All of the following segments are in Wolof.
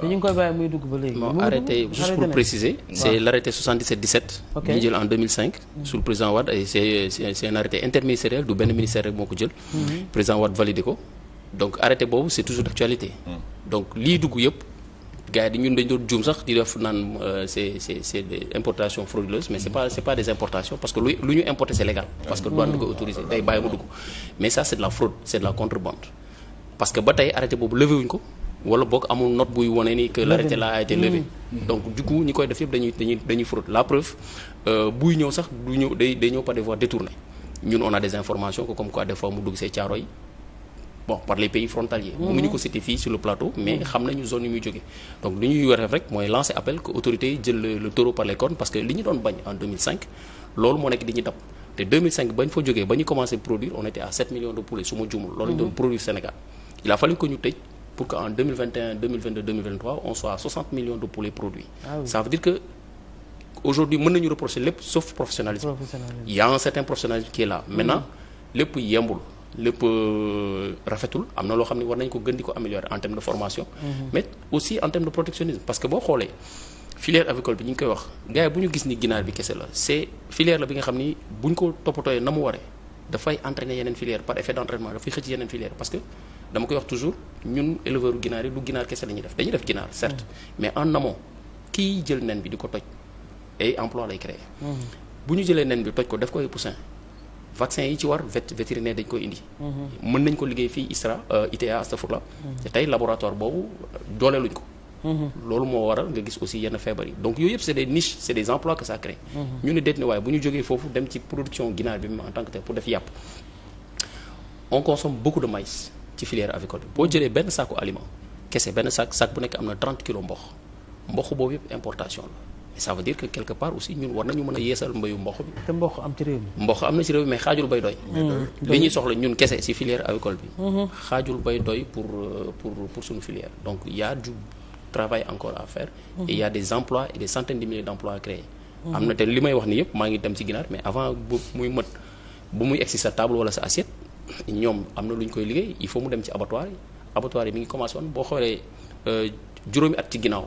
te ñu ngi koy bàyyi muy dugg ba léegi. mu arrêté juste pour préciser. c'est c'est l'arrêté 77 17. ok ñu jël en 2005. président Wade c'est un arrêté interministériel du benn ministère rek moo ko jël. Mhm. président Wade validé ko. donc arrêté boobu c'est toujours d'actualité. Mhm. donc lii dugg yëpp. gars yi ñun dañ doon juum sax di def naan euh, c'est c'est c'est des mais c'est pas des importations parce que lu ñu importé c'est légal parce que douane du ko autorisé wala boog amul note buy wone ni que l'arrêté là a été levé mm. donc du coup ñi koy def yëpp dañuy dañuy la preuve euh, buy ñëw sax du ñëw day day ñëw par des voies détournées ñun on a des informations que comme quoi des fois mu dugg see caaro yi bon par les pays frontaliers mm-hmm. ñu ko cité fii sur le plateau mais mm-hmm. xam nañu zone yu muy jógee donc li ñuy war rek mooy lancer appel que autorités yi jël le taureau par les cornes parce que li ñu doon bañ en 2005 loolu moo nekk di ñu ñu commencé produire on était à 7 millions de poulets su mm-hmm. a fallu que ñu tëj pour que en millions de poulets produits ah oui. que aujourd'hui mën nañu reprocher lépp sauf professionnalisme. professionnalisme il a un certain professionnalisme qui est là lépp yembul lépp euh, rafetul am na loo xam ne war nañ ko gën di ko améliorer en termes de formation mhm. mais aussi en termes de protectionnisme parce que boo xoolee filière avicole bi ñu koy wax gars bu ñu gis ni ginaar bi kese la c'est filière la bi nga xam ni bu ñu ko toppatooyee na mu waree dafay entraîner dama koy wax toujours ñun éleveur ginaar yi du ginaar kese la ñuy def dañuy def ginaar certes mais en amont kii jël nen bi di ko toj ay emploi lay créer mhm. bu ñu jëlee nen bi toj ko def ko ay poussin vaccin yi ci war vet vétérinaire dañ koy indi mhm. mën nañ ko liggéey fii ISRA euh, ITA astafurla mhm. te tey laboratoire boobu euh, dooleeluñ ko loolu moo waral nga gis aussi yenn feebar yi donc yooyu yëpp c'est des niches c'est des emplois que ñu ne déet ne waaye bu ñu jógee foofu dem ci production ci filière avicole bi boo jëlee benn saaku aliment kese benn saak saak bu nekk am na 30 kilos mboq mboq boobu yëpp importation la mais ça veut dire que quelque part a xaajul bay doy. Mm. li ñuy soxla ñun kese ci filière avicole bi. Mm-hmm. xaajul bay doy pour euh, pour suñu filière donc y a travail encore à faire. Mm-hmm. et a des emplois des centaines de milliers d'emplois créer. Mm-hmm. am na te li may wax ni yëpp maa ngi dem ci ginaar mais avant bu muy mët bu muy egg sa table wala sa assiette. ñoom am na lu ñu koy liggéey il faut mu dem ci abattoir yi abattoir yi mi ngi commencé woon boo xoolee euh, juróomi at ci ginnaaw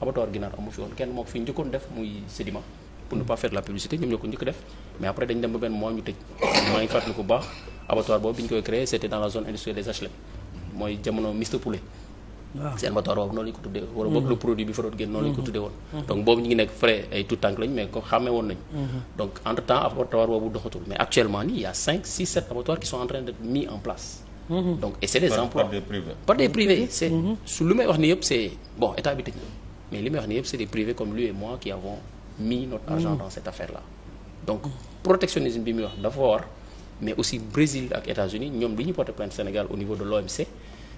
abattoir ginaar amu fi woon kenn moo ko fi njëkkoon def muy Sédima pour ne pas faire la publicité ñoom ñoo ko njëkk def mais après dañ dem ba benn mois ñu tëj maa ngi fàttaliku bu baax abattoir boobu bi ñu koy créé c'était dans la zone industrielle des HLM e. mooy jamono Mister Poulet seen motoor boobu noonu lañ ko tuddee wala boobu mm-hmm. le produit bi fa doon génn noonu lañ ko mm-hmm. tuddee woon mm-hmm. donc boobu ñu ngi nekk frais ay tout tànk lañ mais ko xàmmee woon nañ donc entre temps abattoir boobu doxatul mais actuellement nii y cinq six sept abattoirs qui sont en train d'être en place donc et c'est des lu may wax ni yëpp c'est bon état bi tëj na mais li may wax ni yëpp c'est des privés comme lui et moi qui avons mis notre argent dans cette affaire là donc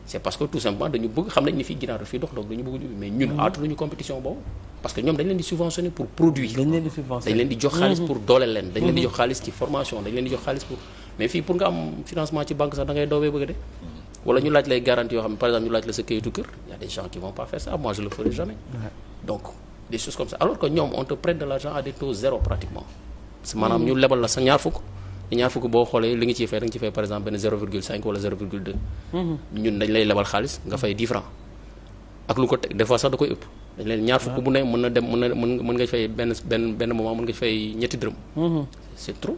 c' est parce que tout simplement dañu bëgg xam nañ ni fii ginaar fii dox donc dañu bëgg ñu mais ñun mm-hmm. aatuñu compétition boobu parce que ñoom dañ leen di subventionné pour produire dañ leen di jox xaalis mm-hmm. pour dooleel leen dañ leen di jox mm-hmm. xaalis ci formation dañ leen di jox xaalis pour mais fii pour nga am financement ci banque sax da doobee bëgg de wala ñu laaj lay yoo xam ne par exemple ñu laaj sa kër y a des qui ñaar fukk boo xoolee li nga ciy fay da nga ciy fay par exemple benn 0,5 wala 0,2. Mhm. ñun dañ lay lebal xaalis nga fay 10 ak lu ko teg des sax da koy ëpp. dañ leen ñaar fukk bu ne mën na dem mën na mën nga fay benn benn benn moment mën nga fay ñetti dërëm. Mhm. c'est trop.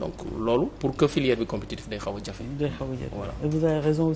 donc loolu pour que filière bi compétitif day xaw a jafe. a